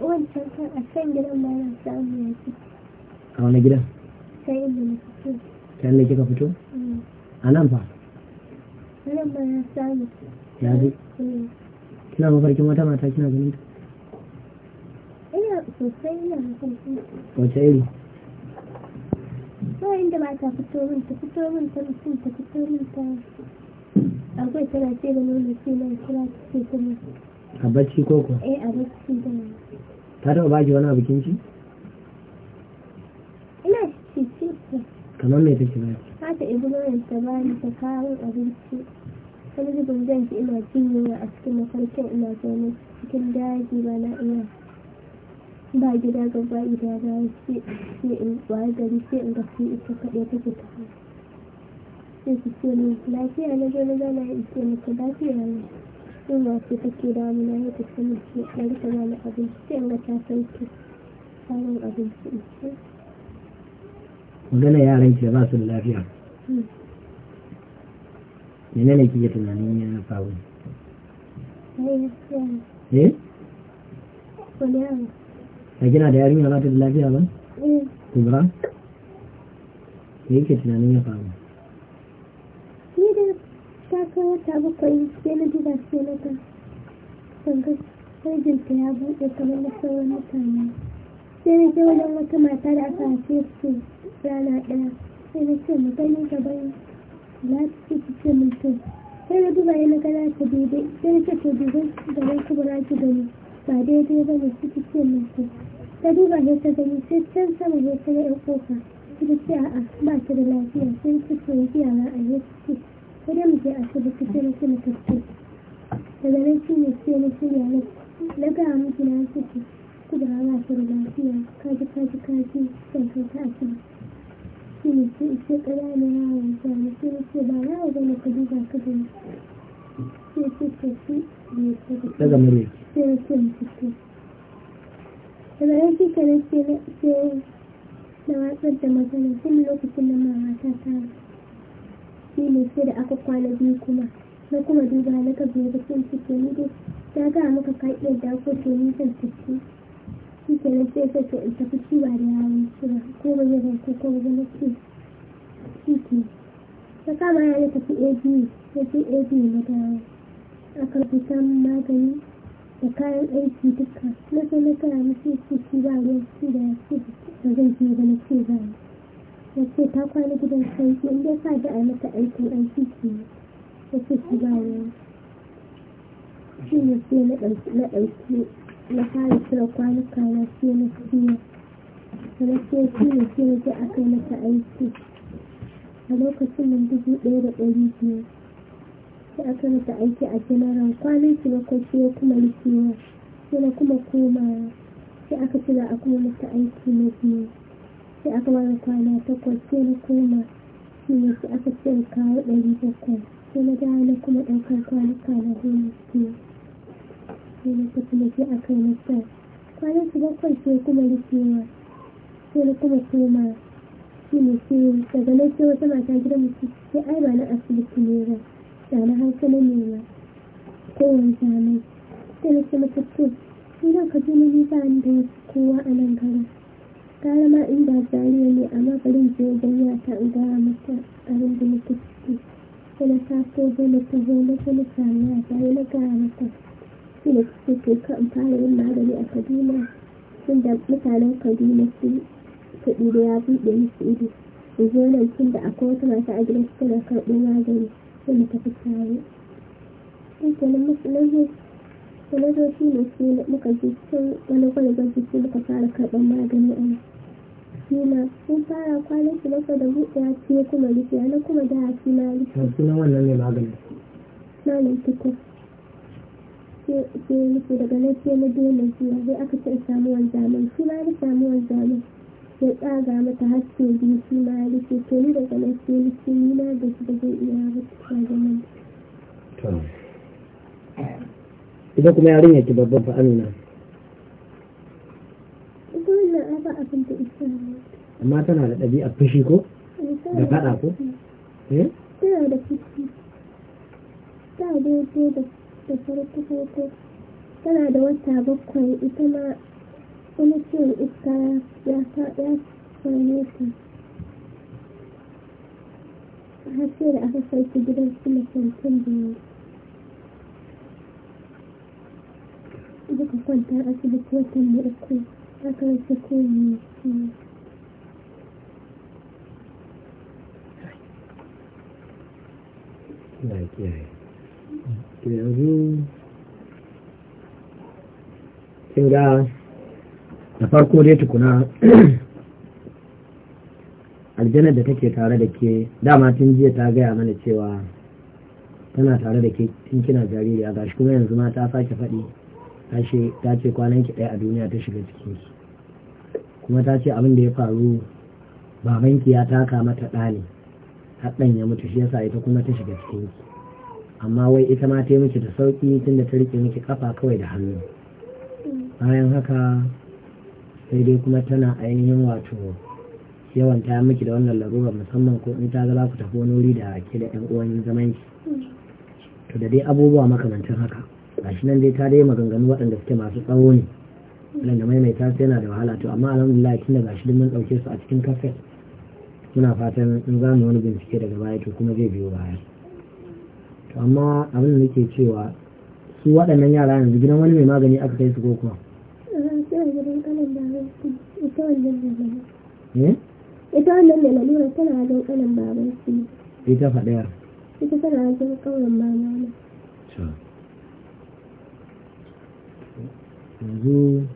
wancan kan a can gidan samun ya ciki a wani gidan? sai inda na fito ta kika fito? Mm. a nan fa? ya dai kina mafarkin wata mata kina ganin ta ina sosai ina mafarkin wace iri bayan da mata fito min ta fito min ta mutum ta fito min ta akwai tana ce da nuna ce na kira ce kuma a bacci ko ko eh a bacci da ta taɓa baki wani abu ci? kamar me take ba ta ta ibi nonon ta ba kawo abinci wani zubin zan ji ina jin yunwa a cikin mafarkin ina zaune cikin daji ba na iya ba gida ga gaba ida na ce in waye gari ce in ga gafi ita kaɗai ke ta sai su ce min lafiya na zo na zana in ce muku lafiya ne in ba su take damuna ya tafi mu ce ɗan rika zana abinci ce in ga ta sauke tsarin abinci ce magana yaran ke ba su da lafiya ne kike tunanin ya faru eh, eh? a kina da yarinya ba ta da lafiya ba eh. kubra me yake tunanin ya faru ni da ta kai wata bakwai sai na duba sai na ta sanga sai jinta ya buɗe kamar na sauran mutane sai na je wajen wata mata da aka haife su rana ɗaya sai na ce mu gani gaban lafiya ki ce mun to sai na duba yana gana ta daidai sai na ce to daidai gaban kubura ki gani ba daidai ba ne ki ce mun to ta duba ne ta gani sai can sama ne ta yi ƙofa. su ta ce a'a ba ta da lafiya sai ta ce ya biya ma a ne ki ce sai mu je asibiti sai na ce mu tafi daga nan shi ne sai na shirya na ga mutu na ciki ku da rana shi da lafiya kaji kaji kaji sai kai ta ce shi ne sai sai kaya ne na wanzu ne sai ne ce ba na wanzu ne ka duba ka da sai ce ce shi ne ta ce ne ce shi na watsar da magana tun lokacin da mawata ta shi ne sai da aka kwana biyu kuma na kuma duba na ka biyu da sun cike ni dai ta ga maka ka iya dako ke nisan ciki shi kenan sai sai to in tafi ciwa da yawon ciwa ko ba zai ko ko ba zai ci shi ta kama ya tafi abu ya fi abu na dawo aka rubuta magani da kayan aiki duka na sai na kara musu su ci ba ruwan su da ya ce ba zai je ba na ce ba ya ce ta kwana gidan sarki inda ya sa da a mata aikin aiki ke ya ce ci ba ruwan shi ne sai na ɗauki na fara cire kwanuka na sai na ciwo na sai ciwo sai na ji a kai masa aiki a lokacin mun dubu ɗaya da ɗari biyu sai aka masa aiki a general kwanan shi bakwai sai ya kuma rikewa sai na kuma koma sai aka cire a kuma masa aiki na biyu sai aka ware kwana takwas sai na koma shi ne sai aka cire kawo ɗari bakwai sai na dawo na kuma ɗaukar kwanuka na goma biyu masa kuma sai a kan nasa kwanan su bakwai sai kuma rikewa sai na kuma koma shi ne sai daga nan sai wata mata gidan mutu sai ai ba na asibiti ne ba da na hausa na ne ko kowane zamai sai na ce mata to ni da ka jini ni ba da kowa a nan gara gara ma in ba zariya ne amma bari in je wajen yata in gara mata abin da nake ciki sai na taso zai na taho na sai na sami na gara mata shi ne suke toka in fara yin magani a kaduna tun mutanen kaduna su kuɗi da ya buɗe musu ido in zo nan tun da akwai wata masu a gidan su tana karɓo magani sai mu tafi tare sai kenan musulunci da na zo shi ne sai muka ji sun wani gwalgwal jiki muka fara karɓar magani a nan Sina sun fara kwanan shi masa da buɗewa ce kuma rufe na kuma da hasi na rufe. Sunan wannan ne maganin. Malam tukur. sai yake daga nan sai na daina zuwa zai aka ce samu wanzamin shi ma na samu wanzamin ya tsaga mata haske biyu shi ma ya rufe to ni daga nan sai ni ce ni na da shi da zai iya rufe da nan. Ita kuma yarinya ki babban fa Amina. Dole a ba abin da isa Amma tana da ɗabi'a fushi ko? Da faɗa ko? Eh? Tana da fushi. Ta daidai da da farko farko tana da wata bakwai ita ma wani ciwon iska ya same ta har sai da aka gidan su da kwanta da uku aka rasa kowane Like, yeah. yanzu kin da farko dai tukuna aljanar da take tare da ke dama tun jiya ta gaya mana cewa tana tare da ke tun kina jariri a gashi kuma yanzu ma ta sake faɗi ta ce kwanan ki ɗaya a duniya ta shiga cikin ki kuma ta ce abin da ya faru babanki ya taka mata ɗani ne ya mutu shi yasa ita kuma ta shiga cikin amma wai ita ma ta yi miki da sauki tun da ta rike miki kafa kawai da hannu bayan haka sai dai kuma tana ainihin wato yawan ta miki da wannan larura musamman ko in ta ga za ku tafi wani wuri da ke da yan uwan zaman ki to da dai abubuwa makamantan haka gashi nan dai ta dai maganganu waɗanda suke masu tsawo ne waɗanda maimaita su yana da wahala to amma alhamdulillah da gashi duk mun ɗauke su a cikin kafe muna fatan in za mu wani bincike daga baya to kuma zai biyo baya amma abin da nake cewa su waɗannan yara yanzu gidan wani mai magani aka kai su ko kuma eh, eh? ita wannan mai lalura tana wajen kanan baban su ita faɗaya ita tana wajen kauyen mama yanzu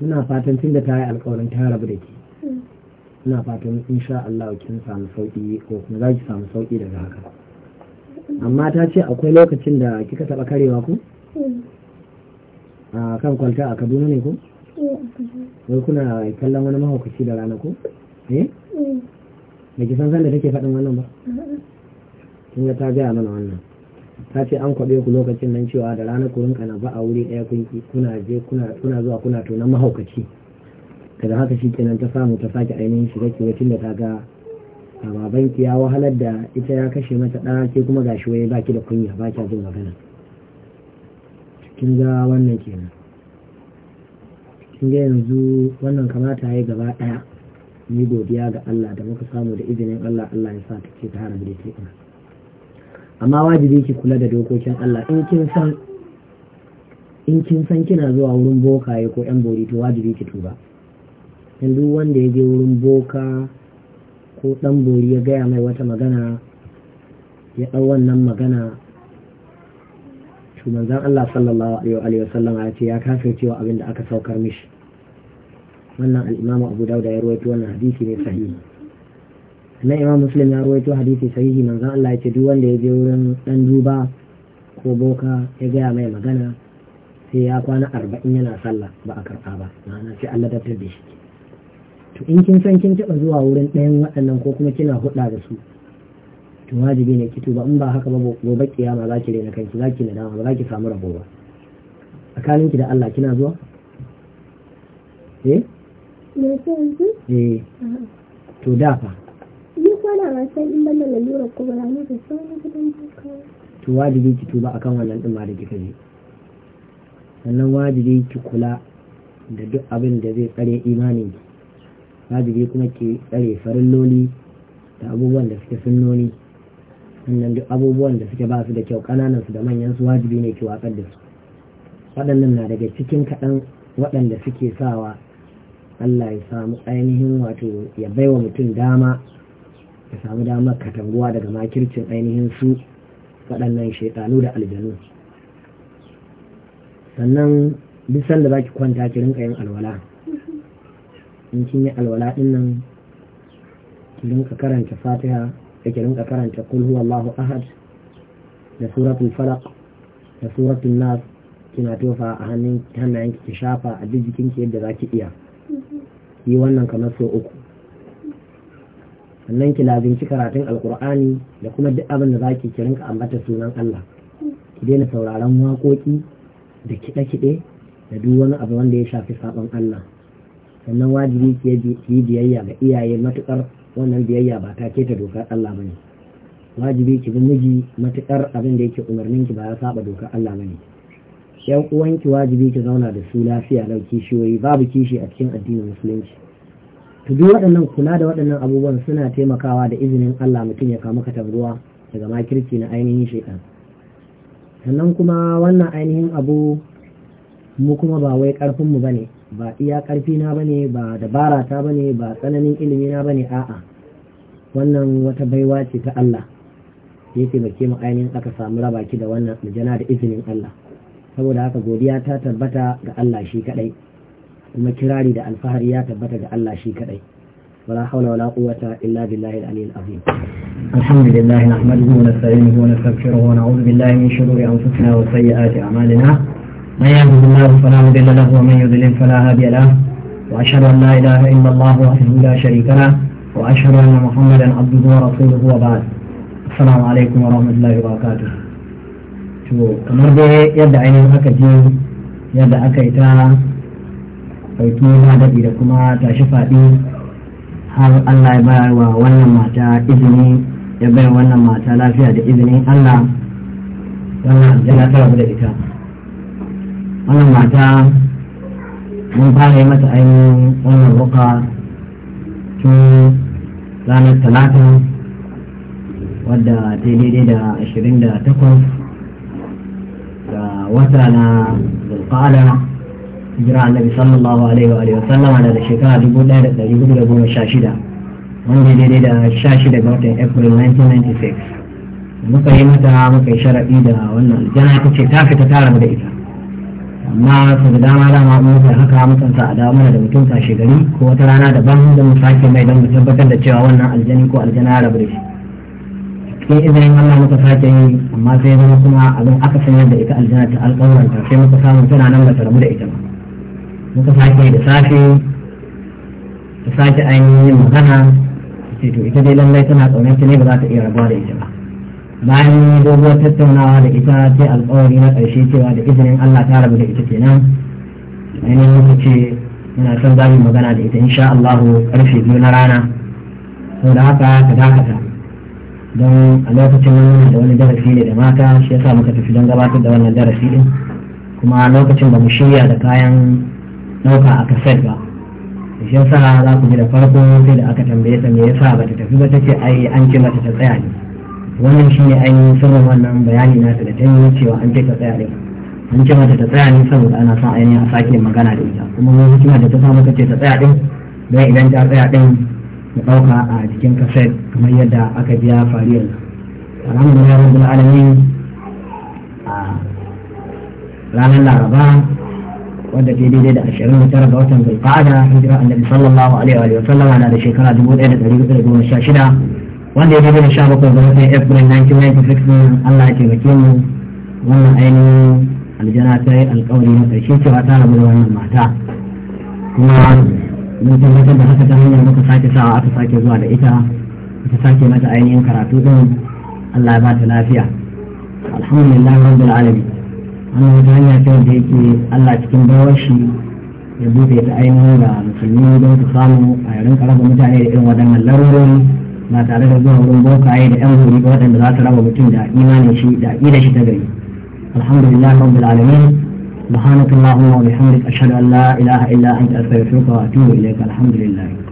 muna fatan tun da ta yi alkawarin ta rabu da ke hmm. muna fatan insha Allah kin samu sauƙi ko kuma za ki samu sauƙi daga haka amma ta ce akwai lokacin da kika taba karewa ku a kan kwalta a kaduna ne ku wai kuna kallon wani mahaukaci da rana ku eh da ki san sanda take faɗin wannan ba kin ga ta gaya mana wannan ta ce an kwaɓe ku lokacin nan cewa da rana ku rinka na ba a wuri ɗaya kun kuna je kuna zuwa kuna tonan mahaukaci daga haka shi kenan ta samu ta sake ainihin shiga kiwacin da ta ga banki ya wahalar da ita ya kashe mata ɗan ke kuma gashi wani baki da kunya ba kya jin magana za ga wannan kenan cikin ga yanzu wannan kamata ya gaba ɗaya ni godiya ga Allah da muka samu da izinin Allah Allah ya sa ta ce ta haramu da ke amma wajibi ki kula da dokokin Allah in kin san in kin san kina zuwa wurin bokaye ko yan bori to wajibi ki tuba dan wanda ya je wurin boka ko ɗan bori ya gaya mai wata magana ya ɗau wannan magana to manzan Allah sallallahu alaihi wa sallam ya ce ya cewa abin da aka saukar mishi wannan al Abu dauda ya ruwaito wannan hadisi ne sahihi na Imam Muslim ya ruwaito hadisi sahihi manzan Allah ya ce duk wanda ya je wurin ɗan duba ko boka ya gaya mai magana sai ya kwana arba'in yana sallah ba a karɓa ba ma'ana sai Allah da shi to in kin san kin taɓa zuwa wurin ɗayan waɗannan ko kuma kina hudda da su to wajibi ne ki tuba in ba haka ba gobe kiyama za ki rena kanki za ki nadama ba za ki samu rabo ba tsakanin ki da Allah kina zuwa eh eh to da fa ni kwana ma san in ban da lalura ko ba ni da sanin gidan ka to wajibi ki tuba akan wannan din ma da kika je sannan wajibi ki kula da duk abin da zai tsare imanin ki wajibi kuma ke tsare farin farilloli da abubuwan da suke noli sannan duk abubuwan da suke ba su da kyau kananan su da manyan su wajibi ne ke watsar da su waɗannan na daga cikin kaɗan waɗanda suke sawa Allah ya samu ainihin wato ya baiwa mutum dama ya samu damar katanguwa daga makircin ainihin su waɗannan shaitanu da aljanu sannan duk sanda za ki kwanta ki rinka yin alwala in kin yi alwala din nan ki rinka karanta fatiha da ki rinka karanta kul huwallahu ahad da suratul falaq da suratul nas kina tofa a hannun hannayen ki shafa a duk jikin ki yadda zaki iya yi wannan kamar sau uku sannan ki lazimci karatun alkur'ani da kuma duk abin da zaki ki rinka ambata sunan Allah ki daina sauraron waƙoƙi da kiɗe-kiɗe da duk wani abu wanda ya shafi sabon Allah sannan wajibi ki yi biyayya ga iyaye matukar wannan biyayya ba ta keta dokar Allah bane wajibi ki bi miji matukar abin da yake umarnin ki ba ya saba dokar Allah bane yan uwanki wajibi ki zauna da su lafiya lau kishiyoyi babu kishi a cikin addinin musulunci to duk waɗannan kula da waɗannan abubuwan suna taimakawa da izinin Allah mutum ya kamu katanguwa daga makirci na ainihin shaitan sannan kuma wannan ainihin abu mu kuma ba wai ƙarfinmu ba ne. ba iya karfi na bane ba dabara ta bane ba tsananin ilimi na bane a'a wannan wata baiwa ce ta Allah ya taimake mu ainihin aka samu raba ki da wannan aljana da izinin Allah saboda haka godiya ta tabbata ga Allah shi kadai kuma kirari da alfahari ya tabbata ga Allah shi kadai ولا حول ولا قوة إلا بالله العلي العظيم الحمد wa نحمده ونستعينه ونستغفره ونعوذ بالله من شرور أنفسنا وسيئات أعمالنا من يهده الله فلا مضل له ومن يضلل فلا هادي له واشهد ان لا اله الا الله وحده لا شريك له واشهد ان محمدا عبده ورسوله وبعد السلام عليكم ورحمه الله وبركاته شو كمان به يدعى ان هكا جيل يدعى كيتا فيتم هذا الى كما تشفى دي هل الله يبارك وانا ما تا اذني يبارك وانا ما تا لا فيها دي اذني الله وانا جلاله بلا اكرام wannan mata mun fara yi mata ainihin wannan ruka tun ranar talata wadda ta yi daidai da ashirin da takwas ga wata na zulkala hijira annabi sallallahu alaihi wa sallama da shekara dubu ɗaya da ɗari hudu da goma sha shida wanda daidai da sha shida ga watan april 1996 muka yi mata muka yi sharaɗi da wannan aljana ta ce ta fita tara da ita amma su da dama dama mun haka mukan sa a damar da mutum shigari gari ko wata rana daban da mu sake mai don mu tabbatar da cewa wannan aljani ko aljana rabu da shi cikin izinin Allah muka sake yi amma sai zama kuma abin aka sanar da ita aljana ta ta sai muka samu tana nan da rabu da ita ba muka sake da safe ta sake ainihin magana ce to ita dai lallai tana ta ne ba za ta iya rabuwa da ita ba bayan doguwar tattaunawa da ita ce alkawari na ƙarshe cewa da izinin Allah ta rabu da ita kenan yanayin muka ce muna son za magana da ita insha Allah karfe biyu na rana sau da haka ka dakata don a lokacin da wani darasi ne da mata shi yasa muka tafi don gabatar da wannan darasi din kuma lokacin ba mu shirya da kayan ɗauka a kaset ba da shi yasa za ku ji da farko sai da aka tambaye ta me yasa ba ta tafi ba ta ce ai an ce mata ta tsaya ne wannan shine ainihin sirrin wannan bayani na da yi cewa an ce ka tsaya ne an ce mata ta tsaya ne saboda ana sa ainihin a sake magana da ita kuma wani hikima da ta samu ka ce ta tsaya din don idan ta tsaya din ya ɗauka a jikin kaset kamar yadda aka biya fariyar alhamdulillah rabbil alamin a ranar laraba wadda ke daidai da ashirin da tara ga watan zulqa'ada hijira annabi sallallahu alaihi wa sallama na da shekara dubu ɗaya da ɗari hudu da goma sha shida wanda ya daidai da sha bakwai ga watan april 1996 nan allah ya taimake mu wannan ainihin aljana ta yi alkawari na karshe cewa ta rabu da wannan mata kuma mun tabbatar da haka ta hanyar muka sake sawa aka sake zuwa da ita aka sake mata ainihin karatu din allah ya ba ta lafiya alhamdulillah rabbil alamin wannan wata hanya ce wanda yake allah cikin bawar shi ya buɗe ta ainihin ga musulmi don su samu a yarin karaba mutane da irin waɗannan larurori ba tare da zuwa wurin bokaye da yan guri waɗanda za su raba mutum da imanin shi da aƙidar shi ta gari alhamdulillah rabbil alamin subhanakallahumma wa bihamdika ashhadu an la ilaha illa anta astaghfiruka wa atubu ilayka alhamdulillah